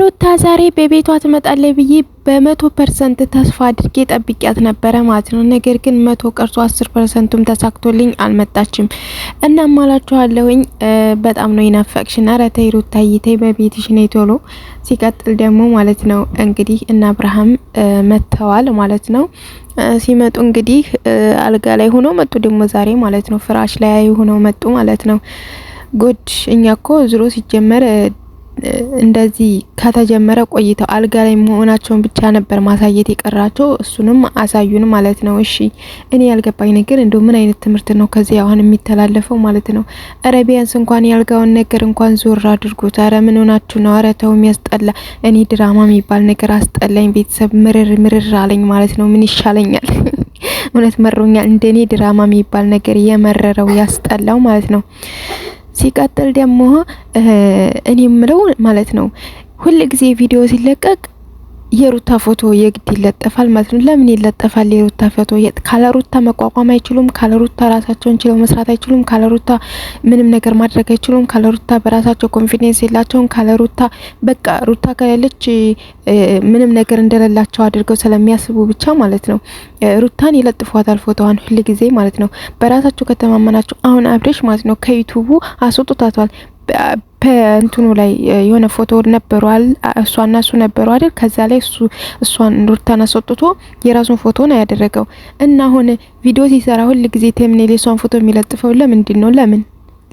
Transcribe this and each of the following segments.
ሩታ ዛሬ በቤቷ ትመጣለ ብዬ በመቶ ፐርሰንት ተስፋ አድርጌ ጠብቂያት ነበረ ማለት ነው። ነገር ግን መቶ ቀርቶ አስር ፐርሰንቱም ተሳክቶልኝ አልመጣችም። እና ማላችኋለሁኝ በጣም ነው ይናፈቅሽን። ኧረ ተይ ሩታ ይተይ በቤትሽ ነይ ቶሎ። ሲቀጥል ደግሞ ማለት ነው እንግዲህ እና አብርሃም መጥተዋል ማለት ነው። ሲመጡ እንግዲህ አልጋ ላይ ሆኖ መጡ ደግሞ ዛሬ ማለት ነው። ፍራሽ ላይ ሆነው መጡ ማለት ነው። ጎድ እኛ እኮ ዝሮ ሲጀመር እንደዚህ ከተጀመረ ቆይተው አልጋ ላይ መሆናቸውን ብቻ ነበር ማሳየት የቀራቸው። እሱንም አሳዩን ማለት ነው። እሺ እኔ ያልገባኝ ነገር እንደው ምን አይነት ትምህርት ነው ከዚህ አሁን የሚተላለፈው ማለት ነው? እረ ቢያንስ እንኳን ያልጋውን ነገር እንኳን ዞር አድርጉት። ኧረ ምን ሆናችሁ ነው? ኧረ ተው የሚያስጠላ እኔ ድራማ የሚባል ነገር አስጠላኝ። ቤተሰብ ምርር ምርር አለኝ ማለት ነው። ምን ይሻለኛል? እውነት መሮኛል። እንደኔ ድራማ የሚባል ነገር የመረረው ያስጠላው ማለት ነው። ሲቀጥል ደግሞ እኔ የምለው ማለት ነው ሁል ጊዜ ቪዲዮ ሲለቀቅ የሩታ ፎቶ የግድ ይለጠፋል ማለት ነው። ለምን ይለጠፋል? የሩታ ፎቶ ካለ ሩታ መቋቋም አይችሉም። ካለ ሩታ ራሳቸውን ችለው መስራት አይችሉም። ካለ ሩታ ምንም ነገር ማድረግ አይችሉም። ካለ ሩታ በራሳቸው ኮንፊደንስ የላቸውም። ካለ ሩታ በቃ ሩታ ከሌለች ምንም ነገር እንደሌላቸው አድርገው ስለሚያስቡ ብቻ ማለት ነው ሩታን ይለጥፏታል ፎቶዋን ጊዜ ማለት ነው። በራሳቸው ከተማመናቸው አሁን አብሬሽ ማለት ነው ከዩቱቡ አስወጡታቷል። በእንትኑ ላይ የሆነ ፎቶ ነበሯል። እሷና እሱ ነበሩ አይደል? ከዛ ላይ እሱ እሷን ሩታን አስወጥቶ የራሱን ፎቶ ነው ያደረገው። እና አሁን ቪዲዮ ሲሰራ ሁል ጊዜ ቴምኔል የሷን ፎቶ የሚለጥፈው ለምንድን ነው? ለምን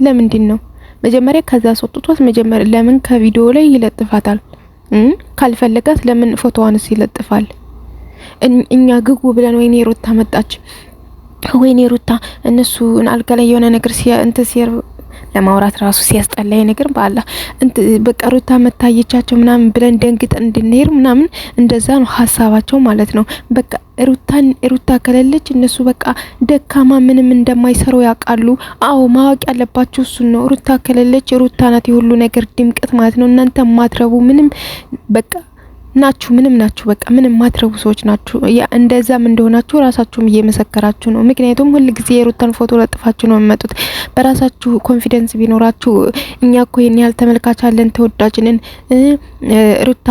ለምንድን ነው? መጀመሪያ ከዛ አስወጥቷት መጀመሪያ ለምን ከቪዲዮ ላይ ይለጥፋታል? ካልፈለጋት ለምን ፎቶዋንስ ይለጥፋል? እኛ ግጉ ብለን ወይኔ ሩታ መጣች፣ ወይኔ ሩታ እነሱ አልጋ ላይ የሆነ ነገር እንትን ለማውራት ራሱ ሲያስጠላ ነገር በአላ በቃ ሩታ መታየቻቸው ምናምን ብለን ደንግጠን እንድንሄድ ምናምን እንደዛ ነው ሀሳባቸው ማለት ነው። በቃ ሩታን ሩታ ከሌለች እነሱ በቃ ደካማ ምንም እንደማይሰሩ ያውቃሉ። አዎ ማወቅ ያለባችሁ እሱን ነው። ሩታ ከሌለች ሩታ ናት የሁሉ ነገር ድምቀት ማለት ነው። እናንተ ማትረቡ ምንም በቃ ናችሁ፣ ምንም ናችሁ፣ በቃ ምንም ማትረቡ ሰዎች ናችሁ። ያ እንደዛም እንደሆናችሁ ራሳችሁም እየመሰከራችሁ ነው። ምክንያቱም ሁል ጊዜ የሩታን ፎቶ ለጥፋችሁ ነው የምመጡት። በራሳችሁ ኮንፊደንስ ቢኖራችሁ እኛ እኮ ይሄን ያህል ተመልካች አለን ተወዳጅንን ሩታ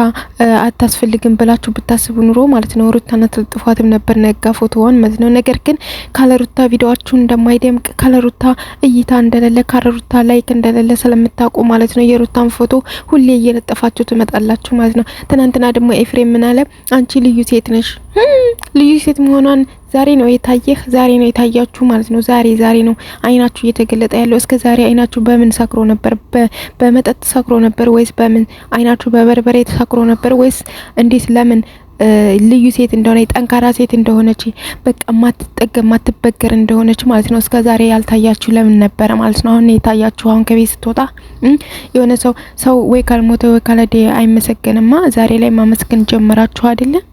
አታስፈልግም ብላችሁ ብታስቡ ኑሮ ማለት ነው ሩታን አትልጥፏትም ነበር ነጋ ፎቶዋን ማለት ነው። ነገር ግን ካለ ሩታ ቪዲዮችሁ እንደማይደምቅ ካለ ሩታ እይታ እንደሌለ ካለ ሩታ ላይክ እንደሌለ ስለምታውቁ ማለት ነው የሩታን ፎቶ ሁሌ እየለጠፋችሁ ትመጣላችሁ ማለት ነው ትናንትና ደግሞ ኤፍሬም ምን አለ? አንቺ ልዩ ሴት ነሽ። ልዩ ሴት መሆኗን ዛሬ ነው የታየህ፣ ዛሬ ነው የታያችሁ ማለት ነው። ዛሬ ዛሬ ነው አይናችሁ እየተገለጠ ያለው። እስከ ዛሬ አይናችሁ በምን ሰክሮ ነበር? በመጠጥ ሰክሮ ነበር ወይስ በምን? አይናችሁ በበርበሬ ተሰክሮ ነበር ወይስ እንዴት? ለምን ልዩ ሴት እንደሆነ ጠንካራ ሴት እንደሆነች በቃ ማትጠገብ ማትበገር እንደሆነች ማለት ነው። እስከ ዛሬ ያልታያችሁ ለምን ነበረ ማለት ነው። አሁን የታያችሁ አሁን ከቤት ስትወጣ የሆነ ሰው ሰው ወይ ካልሞተ ወይ ካለዴ አይመሰገንማ። ዛሬ ላይ ማመስገን ጀመራችሁ አይደለም?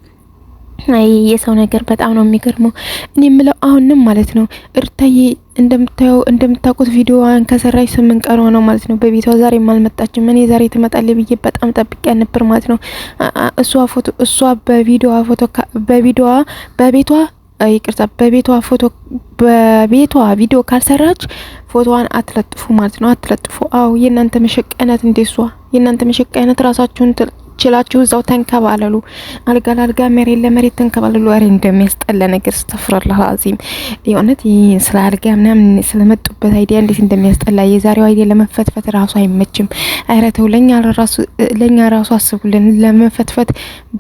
አይ የሰው ነገር በጣም ነው የሚገርመው። እኔ የምለው አሁንም ማለት ነው እርታዬ እንደምታየው እንደምታውቁት ቪዲዮዋን ከሰራች ስምንት ቀን ሆነው ማለት ነው። በቤቷ ዛሬ አልመጣችም። እኔ ዛሬ ትመጣለች ብዬ በጣም ጠብቂያ ነበር ማለት ነው። እሷ ፎቶ እሷ በቪዲዮዋ ፎቶ በቪዲዮዋ በቤቷ ይቅርታ በቤቷ ፎቶ በቤቷ ቪዲዮ ካልሰራች ፎቶዋን አትለጥፉ ማለት ነው። አትለጥፉ። አዎ የእናንተ መሸቀ አይነት እንዴ እሷ የእናንተ መሸቀ አይነት ራሳችሁን ችላችሁ እዛው ተንከባለሉ። አልጋ ላልጋ፣ መሬት ለመሬት ተንከባለሉ። ኧረ እንደሚያስጠላ ነገር ስተፍራላ አዚም የእውነት ስለ አልጋ ምናምን ስለመጡበት አይዲያ እንዴት እንደሚያስጠላ የዛሬው አይዲያ ለመፈትፈት ራሱ አይመችም። ኧረ ተው ለእኛ ራሱ አስቡልን ለመፈትፈት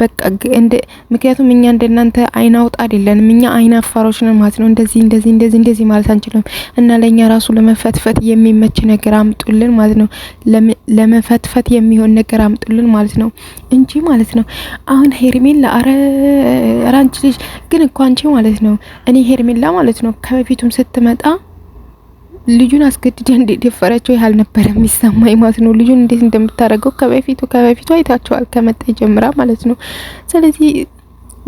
በቃ። ምክንያቱም እኛ እንደናንተ አይን አውጣ አይደለንም። እኛ አይን አፋሮች ነን ማለት ነው። እንደዚህ እንደዚህ እንደዚህ እንደዚህ ማለት አንችልም። እና ለእኛ ራሱ ለመፈትፈት የሚመች ነገር አምጡልን ማለት ነው። ለመፈትፈት የሚሆን ነገር አምጡልን ማለት ነው። እንጂ ማለት ነው። አሁን ሄርሜላ አረ ራንች ልጅ ግን እኮ አንቺ ማለት ነው እኔ ሄርሜላ ማለት ነው ከበፊቱም ስትመጣ ልጁን አስገድዳ እንደደፈረችው ያህል ነበረ የሚሰማኝ ማለት ነው። ልጁን እንዴት እንደምታደርገው ከበፊቱ ከበፊቱ አይታቸዋል ከመጣ ጀምራ ማለት ነው። ስለዚህ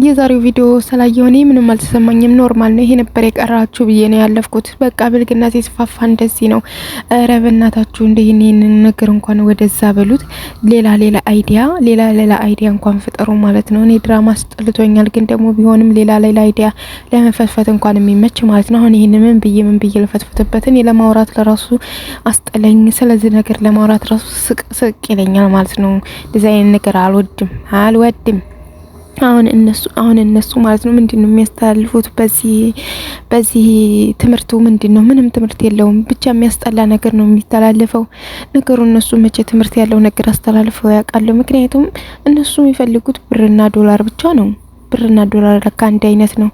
የዛሬው ቪዲዮ ስላየሁ እኔ ምንም አልተሰማኝም። ኖርማል ነው። ይሄ ነበር የቀራችሁ ብዬ ነው ያለፍኩት። በቃ ብልግና ሲስፋፋ እንደዚህ ነው። ኧረ በእናታችሁ እንደ ይህንን ነገር እንኳን ወደዛ በሉት። ሌላ ሌላ አይዲያ ሌላ ሌላ አይዲያ እንኳን ፍጠሩ ማለት ነው። እኔ ድራማ አስጠልቶኛል፣ ግን ደግሞ ቢሆንም ሌላ ሌላ አይዲያ ለመፈትፈት እንኳን የሚመች ማለት ነው። አሁን ይህን ምን ብዬ ምን ብዬ ልፈትፍትበትን ለማውራት ለራሱ አስጠለኝ። ስለዚህ ነገር ለማውራት ራሱ ስቅ ስቅ ይለኛል ማለት ነው። ዲዛይን ነገር አልወድም አልወድም። አሁን እነሱ አሁን እነሱ ማለት ነው ምንድን ነው የሚያስተላልፉት በዚህ በዚህ ትምህርቱ ምንድን ነው? ምንም ትምህርት የለውም። ብቻ የሚያስጠላ ነገር ነው የሚተላለፈው ነገሩ። እነሱ መቼ ትምህርት ያለው ነገር አስተላልፈው ያውቃሉ? ምክንያቱም እነሱ የሚፈልጉት ብርና ዶላር ብቻ ነው። ብርና ዶላር ለካ አንድ አይነት ነው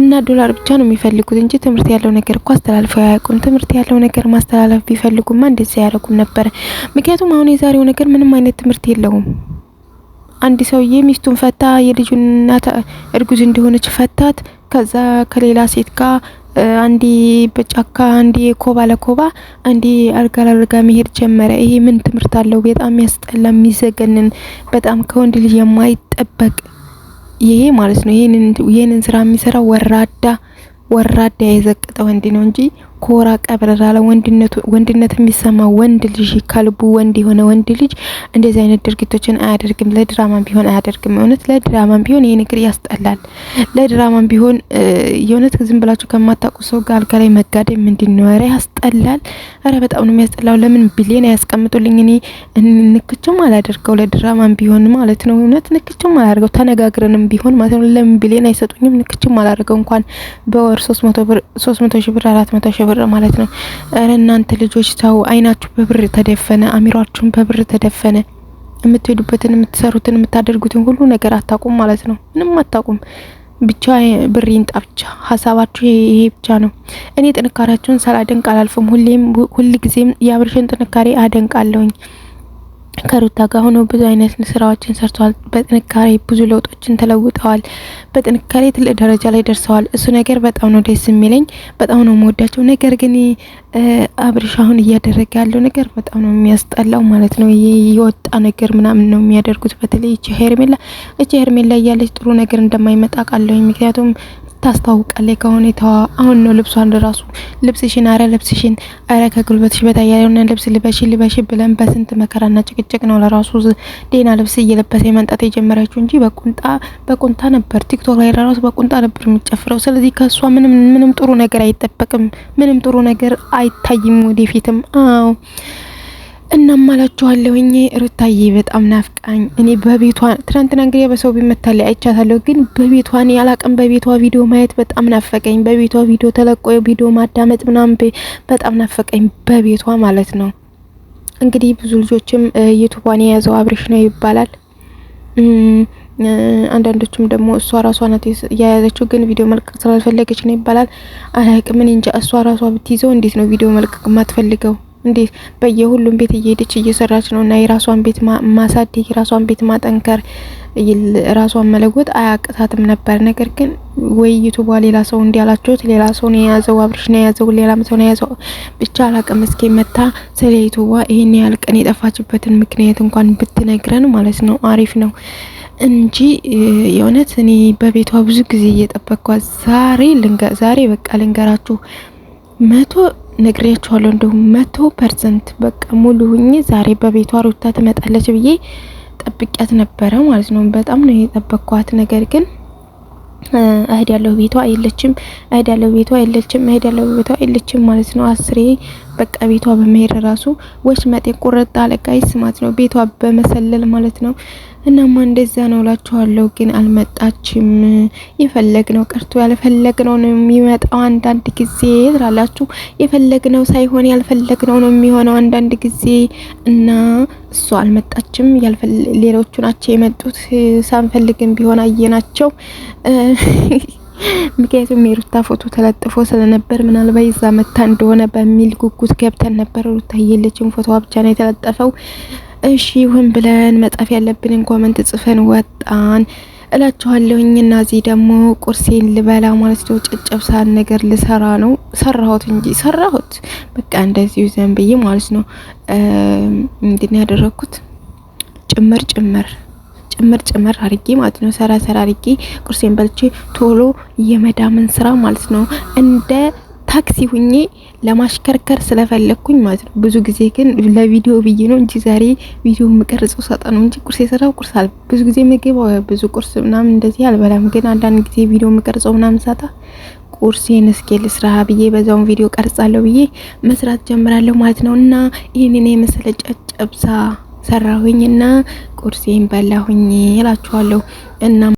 እና ዶላር ብቻ ነው የሚፈልጉት እንጂ ትምህርት ያለው ነገር እኮ አስተላልፈው አያውቁም። ትምህርት ያለው ነገር ማስተላለፍ ቢፈልጉማ እንደዚህ አያደርጉም ነበር። ምክንያቱም አሁን የዛሬው ነገር ምንም አይነት ትምህርት የለውም። አንድ ሰውዬ ሚስቱን ፈታ፣ የልጁን እናት እርጉዝ እንደሆነች ፈታት። ከዛ ከሌላ ሴት ጋር አንዴ በጫካ አንዴ ኮባ ለኮባ አንዴ አልጋ ለአልጋ መሄድ ጀመረ። ይሄ ምን ትምህርት አለው? በጣም ያስጠላ፣ የሚዘገንን በጣም ከወንድ ልጅ የማይጠበቅ ይሄ ማለት ነው። ይሄንን ስራ የሚሰራ ወራዳ ወራዳ የዘቀጠ ወንድ ነው እንጂ ኮራ ቀብረራ ወንድነት የሚሰማ ወንድ ልጅ ከልቡ ወንድ የሆነ ወንድ ልጅ እንደዚህ አይነት ድርጊቶችን አያደርግም። ለድራማም ቢሆን አያደርግም። እውነት ለድራማም ቢሆን ይሄ ነገር ያስጠላል። ለድራማም ቢሆን የእውነት ዝም ብላችሁ ከማታውቁ ሰው ጋር አልጋ ላይ መጋደም ምንድን ነው? ኧረ ያስጠላል። ኧረ በጣም ነው የሚያስጠላው። ለምን ብሌን አያስቀምጡልኝ? እኔ ንክችም አላደርገው ለድራማም ቢሆን ማለት ነው። እውነት ንክችም አላደርገው ተነጋግረንም ቢሆን ማለት ነው። ለምን ብሌን አይሰጡኝም? ንክችም አላደርገው እንኳን በወር ብር፣ ሶስት ሺ ብር፣ 400 ሺ ብር ማለት ነው። እረ እናንተ ልጆች ተው፣ አይናችሁ በብር ተደፈነ፣ አሚሯችሁን በብር ተደፈነ። የምትሄዱበትን፣ የምትሰሩትን፣ የምታደርጉትን ሁሉ ነገር አታቁም ማለት ነው። ምንም አታቁም። ብቻ ብር ይንጣ፣ ብቻ ሀሳባችሁ ይሄ ብቻ ነው። እኔ ጥንካሬያችሁን ሳላደንቅ አላልፍም። ሁሌም ጊዜም የአብርሽን ጥንካሬ አደንቃለሁኝ። ከሩታ ጋር ሆነው ብዙ አይነት ስራዎችን ሰርተዋል። በጥንካሬ ብዙ ለውጦችን ተለውጠዋል። በጥንካሬ ትልቅ ደረጃ ላይ ደርሰዋል። እሱ ነገር በጣም ነው ደስ የሚለኝ፣ በጣም ነው የምወዳቸው። ነገር ግን አብርሽ አሁን እያደረገ ያለው ነገር በጣም ነው የሚያስጠላው ማለት ነው። የወጣ ነገር ምናምን ነው የሚያደርጉት። በተለይ እቺ ሄርሜላ እቺ ሄርሜላ እያለች ጥሩ ነገር እንደማይመጣ ቃለኝ ምክንያቱም ታስታውቃለች ከሁኔታዋ። አሁን ነው ልብሷን ራሱ ልብስሽን፣ አረ ልብስሽን፣ አረ ከጉልበትሽ በታች ያለውን ልብስ ልበሽ ልበሽ ብለን በስንት መከራና ጭቅጭቅ ነው ለራሱ ዴና ልብስ እየለበሰ የመንጣት የጀመረችው እንጂ በቁንጣ በቁንጣ ነበር ቲክቶክ ላይ ራሱ በቁንጣ ነበር የሚጨፍረው። ስለዚህ ከእሷ ምንም ምንም ጥሩ ነገር አይጠበቅም፣ ምንም ጥሩ ነገር አይታይም ወደፊትም። አዎ እናም አላችኋለሁ ሩታዬ በጣም ናፍቃኝ። እኔ በቤቷ ትናንትና እንግዲህ በሰው ቢመታለይ አይቻታለሁ፣ ግን በቤቷ እኔ አላቅም። በቤቷ ቪዲዮ ማየት በጣም ናፈቀኝ። በቤቷ ቪዲዮ ተለቆ ቪዲዮ ማዳመጥ ምናምን በጣም ናፈቀኝ፣ በቤቷ ማለት ነው። እንግዲህ ብዙ ልጆችም ዩቱቧን የያዘው አብሬሽ ነው ይባላል። አንዳንዶችም ደግሞ እሷ ራሷ ናት የያዘችው፣ ግን ቪዲዮ መልቀቅ ስላልፈለገች ነው ይባላል። አላቅም፣ እኔ እንጃ። እሷ ራሷ ብትይዘው እንዴት ነው ቪዲዮ መልቀቅ ማትፈልገው? እንዴት በየሁሉም ቤት እየሄደች እየሰራች ነው። እና የራሷን ቤት ማሳደግ የራሷን ቤት ማጠንከር ራሷን መለወጥ አያቅታትም ነበር። ነገር ግን ውይይቱ ባ ሌላ ሰው እንዲያላችሁት ሌላ ሰውን የያዘው አብርሽ ነው የያዘው ሌላ ነው የያዘው ብቻ አላቅም። እስኪ መታ ስለ ዩቱባ ይሄን ያህል ቀን የጠፋችበትን ምክንያት እንኳን ብትነግረን ማለት ነው አሪፍ ነው እንጂ የእውነት እኔ በቤቷ ብዙ ጊዜ እየጠበቅኳት ዛሬ ዛሬ በቃ ልንገራችሁ መቶ ነግሬያቸዋለሁ። እንደሁም መቶ ፐርሰንት በቃ ሙሉ ሁኜ ዛሬ በቤቷ ሩታ ትመጣለች ብዬ ጠብቂያት ነበረ ማለት ነው። በጣም ነው የጠበቅኳት። ነገር ግን እህድ ያለው ቤቷ የለችም፣ እህድ ያለው ቤቷ የለችም፣ እህድ ያለው ቤቷ የለችም ማለት ነው አስሬ በቃ ቤቷ በመሄድ ራሱ ወሽመጤ ቁርጥ አለቃ ይስማት ነው ቤቷ በመሰለል ማለት ነው። እናማ እንደዛ ነው እላችኋለሁ። ግን አልመጣችም። የፈለግነው ቀርቶ ያልፈለግነው ነው የሚመጣው አንዳንድ ጊዜ ትላላችሁ። የፈለግነው ሳይሆን ያልፈለግነው ነው የሚሆነው አንዳንድ ጊዜ እና እሱ አልመጣችም። ሌሎቹ ናቸው የመጡት። ሳንፈልግም ቢሆን አየናቸው። ምክንያቱም የሩታ ፎቶ ተለጥፎ ስለነበር ምናልባት ይዛ መታ እንደሆነ በሚል ጉጉት ገብተን ነበር። ሩታ የለችም፣ ፎቶዋ ብቻ ነው የተለጠፈው። እሺ ይሁን ብለን መጻፍ ያለብንን ኮመንት ጽፈን ወጣን እላችኋለሁኝ። እና እዚህ ደግሞ ቁርሴን ልበላ ማለት ነው። ጨጨብሳን ነገር ልሰራ ነው። ሰራሁት እንጂ ሰራሁት በቃ እንደዚሁ ዘንብዬ ማለት ነው። እንድን ያደረኩት ጭምር ጭምር ጥምር ጭምር አርጌ ማለት ነው ሰራ ሰራ አርጌ ቁርሴን በልቼ ቶሎ የመዳምን ስራ ማለት ነው እንደ ታክሲ ሁኜ ለማሽከርከር ስለፈለግኩኝ ማለት ነው። ብዙ ጊዜ ግን ለቪዲዮ ብዬ ነው እንጂ ዛሬ ቪዲዮ የምቀርጽ ሰጠ ነው እንጂ ቁርስ የሰራው ቁርስ አል ብዙ ጊዜ ምግብ ብዙ ቁርስ ምናምን እንደዚህ አልበላም። ግን አንዳንድ ጊዜ ቪዲዮ የምቀርጸው ምናምን ሳጣ ቁርሴን እስኪ ስራ ብዬ በዛውን ቪዲዮ ቀርጻለሁ ብዬ መስራት ጀምራለሁ ማለት ነው እና ይህንን የመሰለ ጨጨብሳ ሰራሁኝና ቁርሴን በላሁኝ ይላችኋለሁ እና